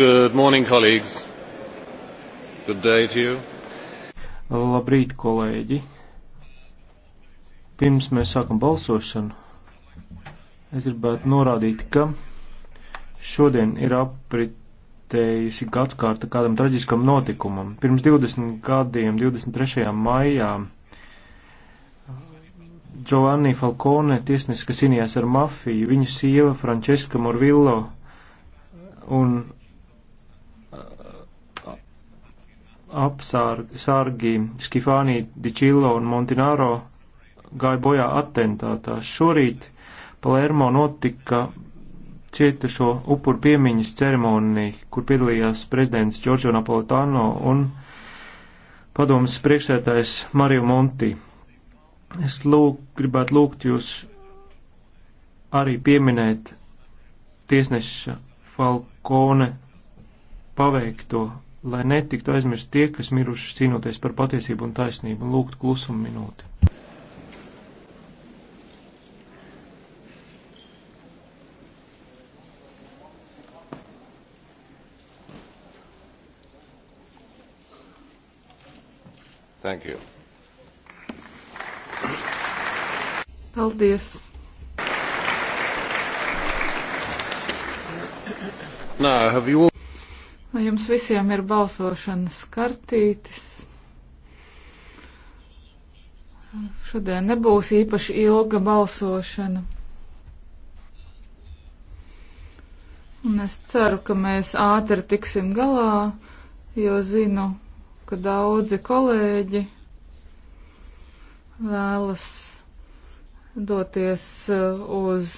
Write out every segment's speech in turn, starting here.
Good morning, colleagues. Good day to you. Labrīt, kolēģi. Pirms mēs sākam balsošanu, es gribētu norādīt, ka šodien ir apritējuši gadskārta kādam traģiskam notikumam. Pirms 20 gadiem, 23. maijā, Giovanni Falcone, tiesnesis, kas cīnījās ar mafiju, viņa sieva Frančiska Morvillo un apsargi Skifānī, Dičillo un Montinaro gāja bojā atentātā. Šorīt Palermo notika cietušo upuru piemiņas ceremonija, kur piedalījās prezidents Giorgio Napolitano un padomas priekšsētājs Mario Monti. Es lūk, gribētu lūgt jūs arī pieminēt tiesneša Falkone paveikto lai netiktu aizmirst tie, kas miruši cīnoties par patiesību un taisnību, un lūgt klusumu minūti. Thank you. Paldies. Now, have you all... Vai jums visiem ir balsošanas kartītes? Šodien nebūs īpaši ilga balsošana. Un es ceru, ka mēs ātri tiksim galā, jo zinu, ka daudzi kolēģi vēlas doties uh, uz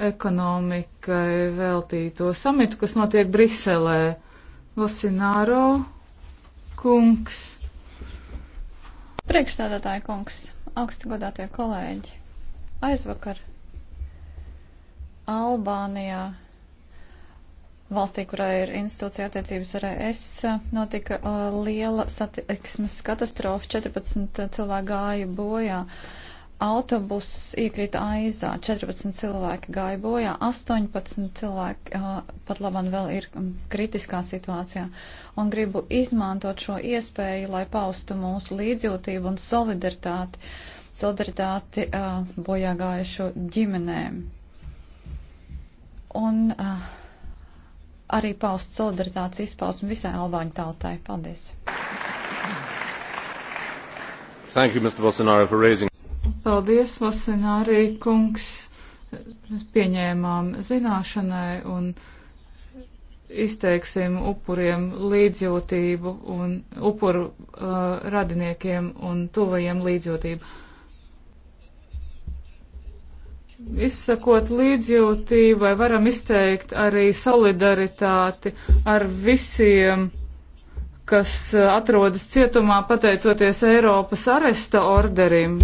ekonomikai veltīto samitu, kas notiek Briselē. Vosināro kungs. Priekšstādātāja kungs, augsti godātie kolēģi, aizvakar Albānijā, valstī, kurā ir institūcija attiecības ar ES, notika uh, liela satiksmes katastrofa, 14 uh, cilvēku gāja bojā. Uh, autobuss iekrita aizā, 14 cilvēki gāja bojā, 18 cilvēki uh, pat labam vēl ir kritiskā situācijā. Un gribu izmantot šo iespēju, lai paustu mūsu līdzjūtību un solidaritāti, solidaritāti uh, bojā gājušo ģimenēm. Un uh, arī paust solidaritātes izpausmi visai Albāņu tautai. Paldies! Thank you, Mr. Bolsonaro, for raising. Paldies, Vasenārī kungs. Mēs pieņēmām zināšanai un izteiksim upuriem līdzjūtību un upuru uh, radiniekiem un tuvajiem līdzjūtību. Izsakot līdzjūtību, vai varam izteikt arī solidaritāti ar visiem, kas uh, atrodas cietumā pateicoties Eiropas aresta orderim.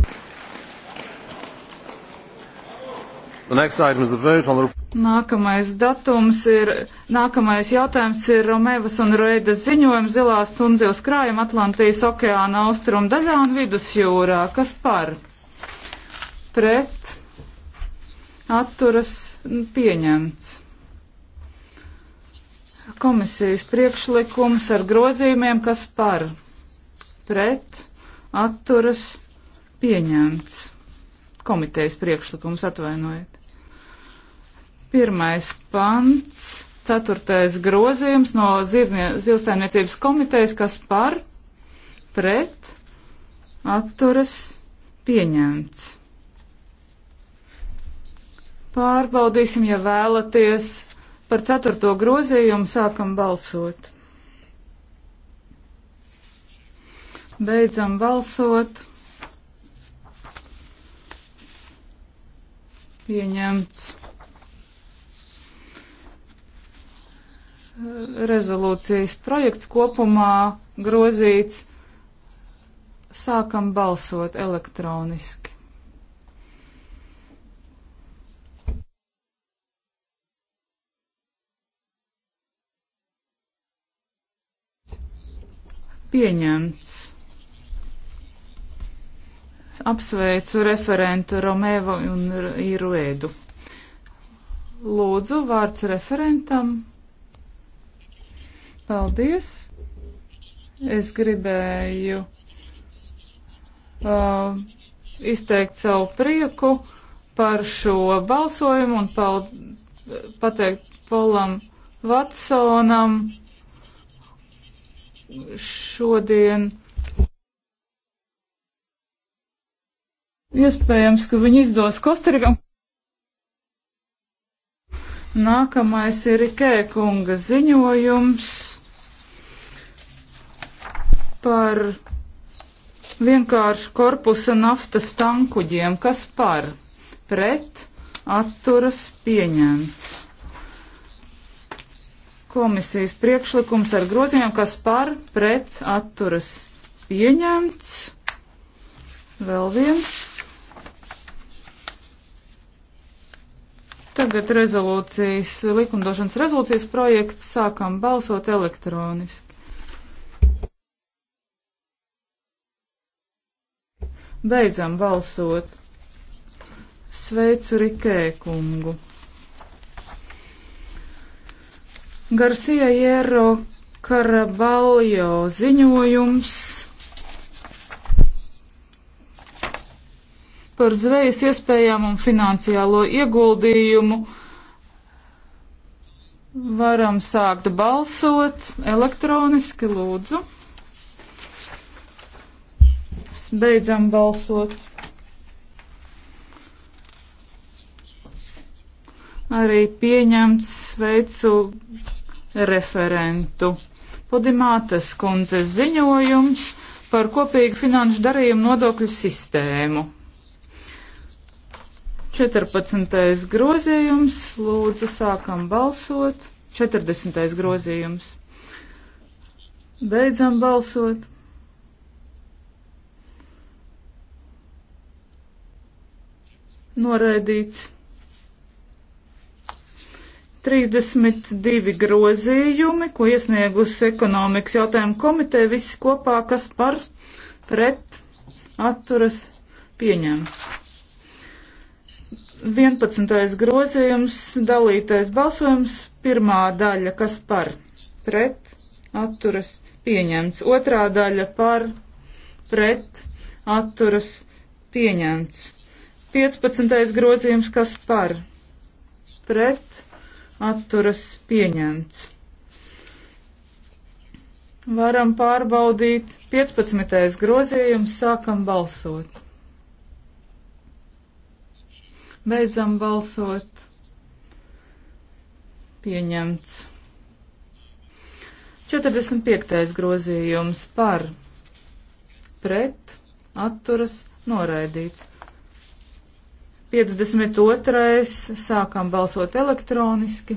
Nākamais datums ir, nākamais jautājums ir Romēvas un Reidas ziņojums zilās tundzivs krājuma Atlantijas okeāna austrumu daļā un vidusjūrā. Kas par? Pret? Atturas pieņemts komisijas priekšlikums ar grozījumiem, kas par pret atturas pieņemts. Komitejas priekšlikums atvainojiet. Pirmais pants, ceturtais grozījums no zivsaimniecības komitejas, kas par, pret, atturas, pieņemts. Pārbaudīsim, ja vēlaties. Par ceturto grozījumu sākam balsot. Beidzam balsot. Pieņemts. rezolūcijas projekts kopumā grozīts. Sākam balsot elektroniski. Pieņemts. Apsveicu referentu Romēvu un Iruēdu. Lūdzu, vārds referentam. Paldies! Es gribēju uh, izteikt savu prieku par šo balsojumu un pal, pateikt Polam Vatsonam šodien. Iespējams, ka viņi izdos Kostarikam. Nākamais ir Ikē kunga ziņojums par vienkāršu korpusa naftas tankuģiem, kas par pret atturas pieņemts. Komisijas priekšlikums ar grozījumiem, kas par pret atturas pieņemts. Vēl viens. Tagad rezolūcijas, likumdošanas rezolūcijas projekts sākam balsot elektroniski. Beidzam balsot. Sveicu Rikē kungu. Garcia Jero Karabaljo ziņojums par zvejas iespējām un finansiālo ieguldījumu. Varam sākt balsot elektroniski, lūdzu. Beidzam balsot. Arī pieņemts sveicu referentu. Podimātas kundzes ziņojums par kopīgu finanšu darījumu nodokļu sistēmu. 14. grozījums, lūdzu, sākam balsot. 40. grozījums. Beidzam balsot. Noraidīts. 32 grozījumi, ko iesniegusi ekonomikas jautājumu komiteja, visi kopā, kas par pret atturas pieņemts. 11. grozījums, dalītais balsojums, pirmā daļa, kas par pret atturas pieņemts, otrā daļa par pret atturas pieņemts. 15. grozījums, kas par pret atturas pieņemts. Varam pārbaudīt 15. grozījums, sākam balsot. Beidzam balsot. Pieņemts. 45. grozījums par pret atturas noraidīts. 52. sākam balsot elektroniski.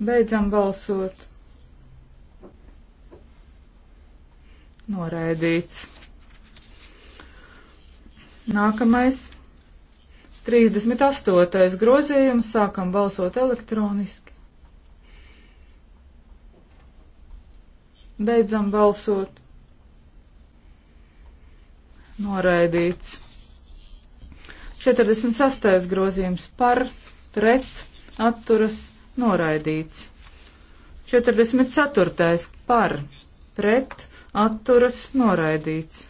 Beidzam balsot. Noraidīts. Nākamais. 38. grozījums. Sākam balsot elektroniski. Beidzam balsot noraidīts. 46. grozījums par, pret, atturas, noraidīts. 44. par, pret, atturas, noraidīts.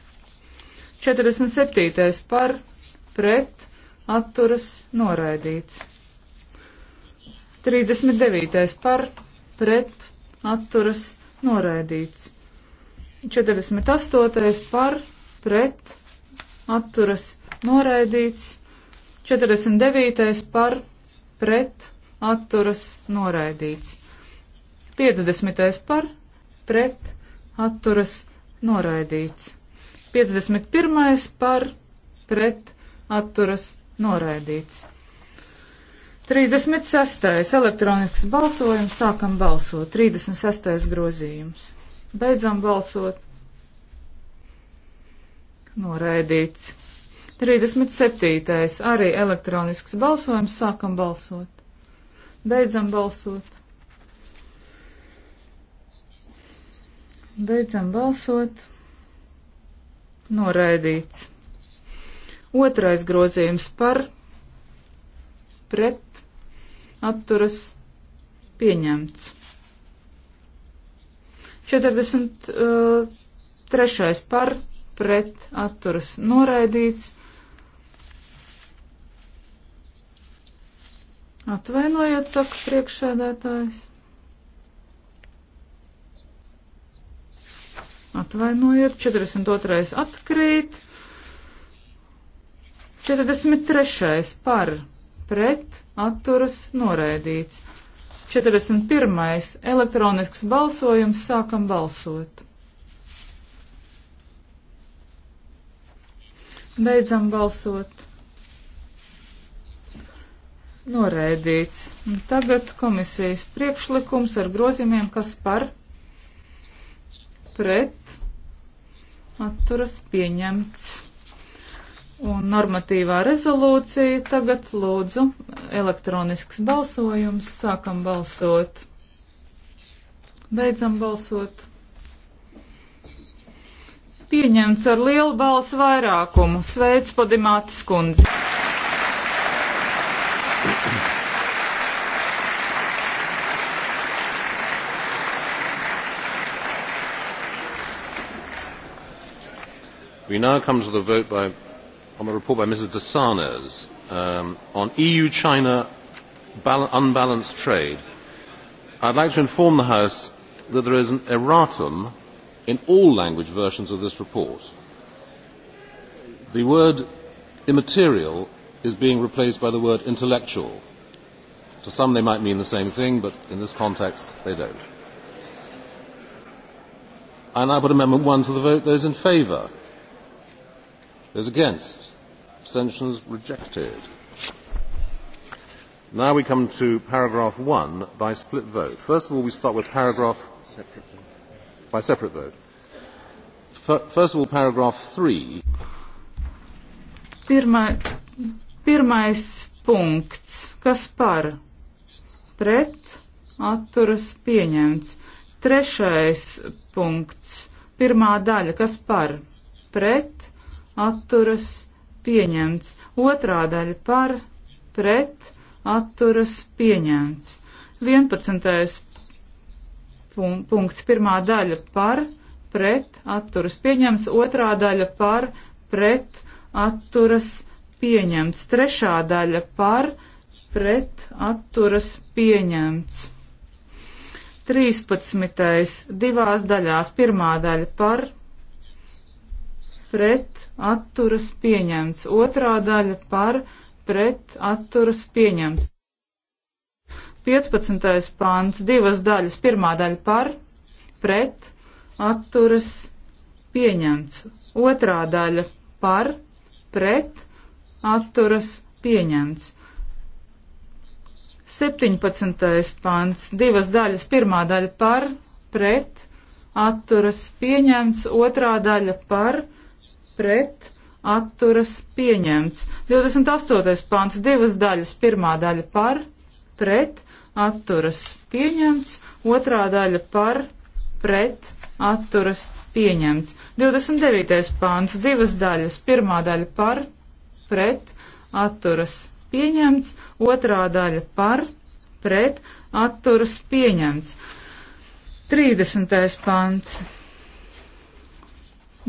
47. par, pret, atturas, noraidīts. 39. par, pret, atturas, noraidīts. 48. par, pret, atturas noraidīts. 49. par pret atturas noraidīts. 50. par pret atturas noraidīts. 51. par pret atturas noraidīts. 36. elektronisks balsojums, sākam balsot, 36. grozījums. Beidzam balsot. Noraidīts. 37. arī elektronisks balsojums. Sākam balsot. Beidzam balsot. Beidzam balsot. Noraidīts. Otrais grozījums par, pret, atturas, pieņemts. 43. Uh, par, pret pret atturas noraidīts. Atvainojiet, saka priekšsēdētājs. Atvainojiet, 42. atkrīt. 43. par pret atturas noraidīts. 41. elektronisks balsojums sākam balsot. Beidzam balsot. Noraidīts. Un tagad komisijas priekšlikums ar grozījumiem, kas par pret atturas pieņemts. Un normatīvā rezolūcija tagad lūdzu elektronisks balsojums. Sākam balsot. Beidzam balsot pieņemts ar lielu balsu vairākumu. Sveic Podimātis kundzi! We now come to the vote by, on the report by Mrs. Desanes um, on EU-China unbalanced trade. I'd like to inform the House that there is an erratum in all language versions of this report. The word immaterial is being replaced by the word intellectual. To some they might mean the same thing, but in this context they don't. I now put Amendment 1 to the vote. Those in favour? Those against? Abstentions rejected. Now we come to paragraph 1 by split vote. First of all, we start with paragraph... Separate vote by separate vote. F first of all, paragraph 3. Pirma, pirmais punkts. Kas par? Pret atturas pieņemts. Trešais punkts. Pirmā daļa. Kas par? Pret atturas pieņemts. Otrā daļa par? Pret atturas pieņemts. 11 punkts. Pirmā daļa par, pret, atturas pieņemts, otrā daļa par, pret, atturas pieņemts, trešā daļa par, pret, atturas pieņemts. 13. divās daļās, pirmā daļa par, pret, atturas pieņemts, otrā daļa par, pret, atturas pieņemts. 15. pāns, divas daļas. Pirmā daļa par, pret, atturas, pieņemts. Otrā daļa par, pret, atturas, pieņemts. 17. pāns, divas daļas. Pirmā daļa par, pret, atturas, pieņemts. Otrā daļa par, pret, atturas, pieņemts. 28. pāns, divas daļas. Pirmā daļa par, pret, atturas pieņemts, otrā daļa par, pret, atturas pieņemts. 29. pāns, divas daļas, pirmā daļa par, pret, atturas pieņemts, otrā daļa par, pret, atturas pieņemts. 30. pāns.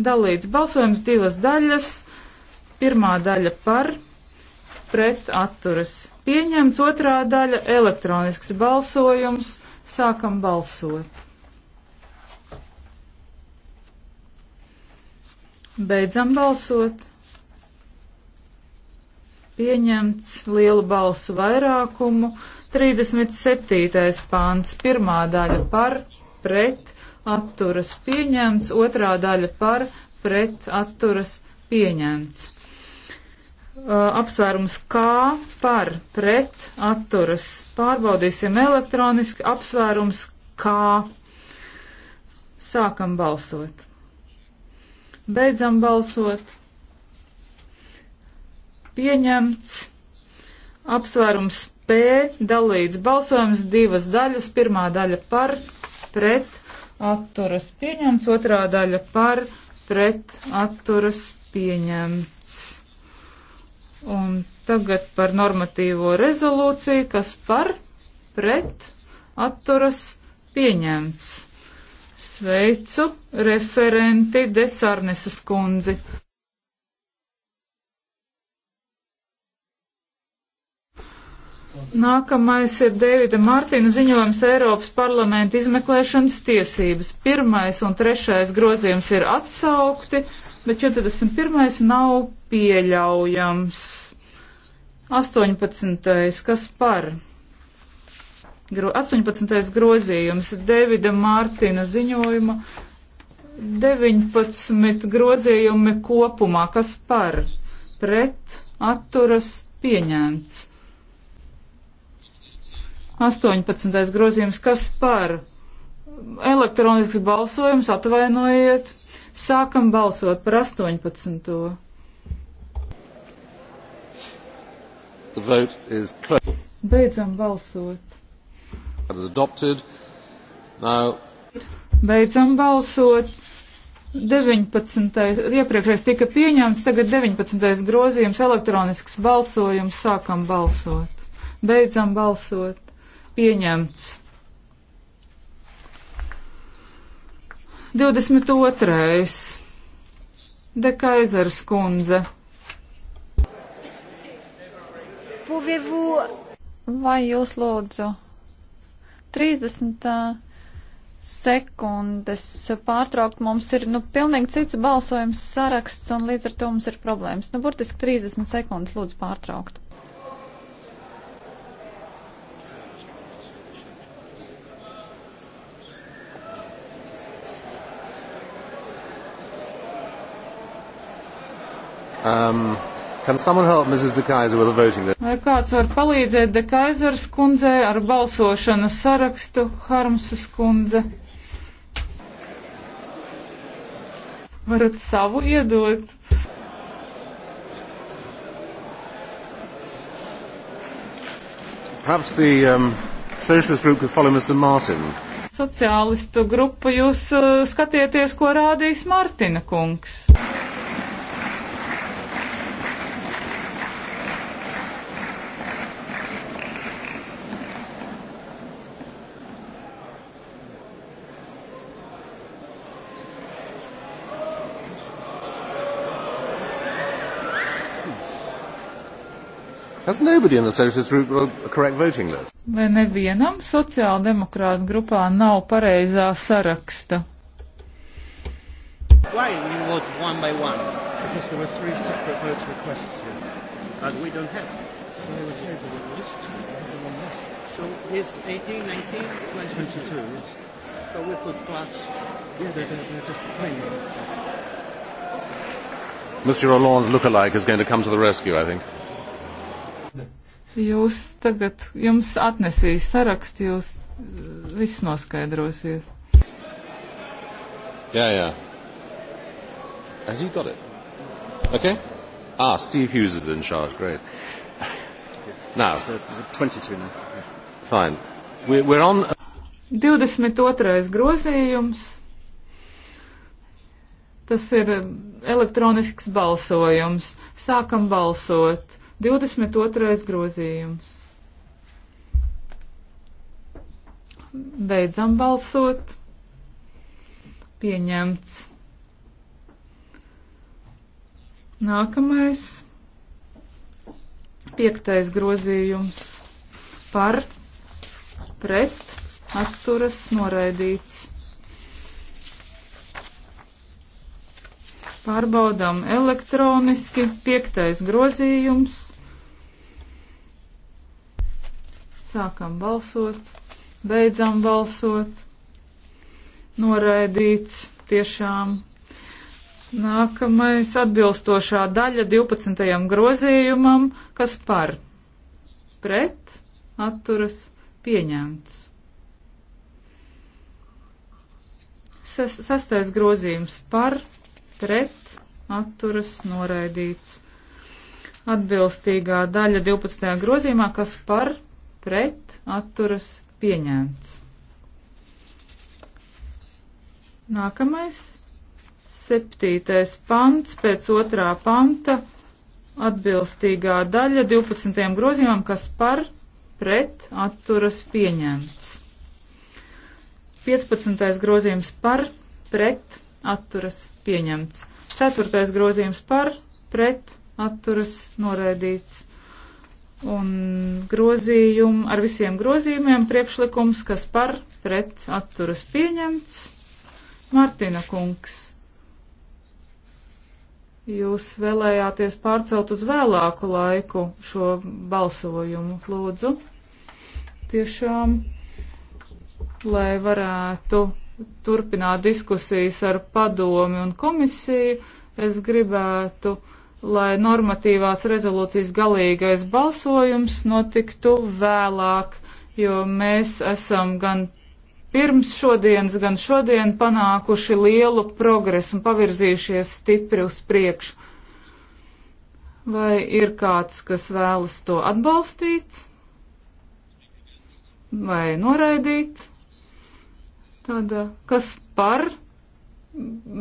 Dalīts balsojums divas daļas, pirmā daļa par, pret, pret atturas. Pieņemts otrā daļa - elektronisks balsojums. Sākam balsot. Beidzam balsot. Pieņemts lielu balsu vairākumu. 37. pāns, pirmā daļa par, pret, atturas pieņemts, otrā daļa par, pret, atturas pieņemts. Uh, apsvērums kā par pret atturas. Pārbaudīsim elektroniski apsvērums kā. Sākam balsot. Beidzam balsot. Pieņemts apsvērums P dalīts balsojums divas daļas. Pirmā daļa par pret atturas pieņemts, otrā daļa par pret atturas pieņemts. Un tagad par normatīvo rezolūciju, kas par pret atturas pieņemts. Sveicu referenti Desarnesas kundzi. Nākamais ir Davida Mārtiņa ziņojums Eiropas parlamenta izmeklēšanas tiesības. Pirmais un trešais grozījums ir atsaukti, bet 41. nav pieļaujams. 18. kas par? 18. grozījums Davida Mārtina ziņojuma 19 grozījumi kopumā, kas par pret atturas pieņemts. 18. grozījums, kas par elektronisks balsojums, atvainojiet. Sākam balsot par 18. Beidzam balsot. Now... Beidzam balsot. 19. iepriekšējais tika pieņemts, tagad 19. grozījums elektronisks balsojums, sākam balsot. Beidzam balsot. Pieņemts. 22. De Kaisers kundze. Vai jūs lūdzu 30 eh, sekundes pārtraukt? Mums ir nu, pilnīgi cits balsojums saraksts un līdz ar to mums ir problēmas. Nu, burtiski 30 sekundes lūdzu pārtraukt. Um, Vai kāds var palīdzēt De Kaisers kundzei ar balsošanas sarakstu Harmsas kundze? Varat savu iedot? Perhaps the um, socialist group could follow Mr. Martin. Sociālistu grupu jūs uh, skatieties, ko rādīs Martina kungs. Vai nevienam sociāldemokrātu grupā nav pareizā saraksta? Why you vote one by one? Because there were three separate vote requests here. And we don't have. So they were tabled at least two. one left. So here's 18, 19, 20. 22, yes. So we put plus. Yeah, they're, they're, they're different thing. Mr. Hollande's look-alike is going to come to the rescue, I think. Jūs tagad, jums atnesīs sarakstu, jūs eh, viss noskaidrosiet. Jā, jā. Has he got it? Okay. Ah, Steve Hughes is in charge. Great. Now. It's, uh, 22 now. Fine. We're, we're on. 22. grozījums. Tas ir eh, elektronisks balsojums. Sākam balsot. 22. grozījums. Beidzam balsot. Pieņemts. Nākamais. Piektais grozījums par, pret, atturas noraidīts. Pārbaudām elektroniski. Piektais grozījums. Sākam balsot, beidzam balsot. Noraidīts tiešām. Nākamais atbilstošā daļa 12. grozījumam, kas par pret atturas pieņemts. Ses, sastais grozījums par pret atturas noraidīts. Atbilstīgā daļa 12. grozījumā, kas par pret pret atturas pieņemts. Nākamais, septītais pants pēc otrā panta atbilstīgā daļa 12. grozījumam, kas par pret atturas pieņemts. 15. grozījums par pret atturas pieņemts. 4. grozījums par pret atturas noraidīts un grozījumu, ar visiem grozījumiem priekšlikums, kas par pret atturas pieņemts. Martina kungs, jūs vēlējāties pārcelt uz vēlāku laiku šo balsojumu, lūdzu. Tiešām, lai varētu turpināt diskusijas ar padomi un komisiju, es gribētu lai normatīvās rezolūcijas galīgais balsojums notiktu vēlāk, jo mēs esam gan pirms šodienas, gan šodien panākuši lielu progresu un pavirzījušies stipri uz priekšu. Vai ir kāds, kas vēlas to atbalstīt vai noraidīt? Tāda, kas par?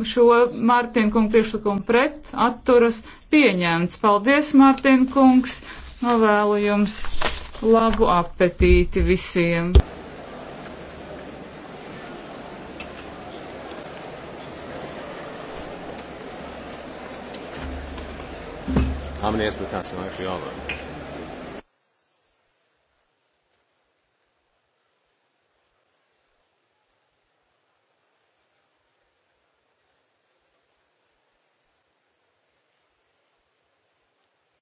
šo Mārtiņa kungu priekšlikumu pret atturas pieņemts. Paldies, Mārtiņa kungs! Novēlu jums labu apetīti visiem! How many SBKs are actually on them?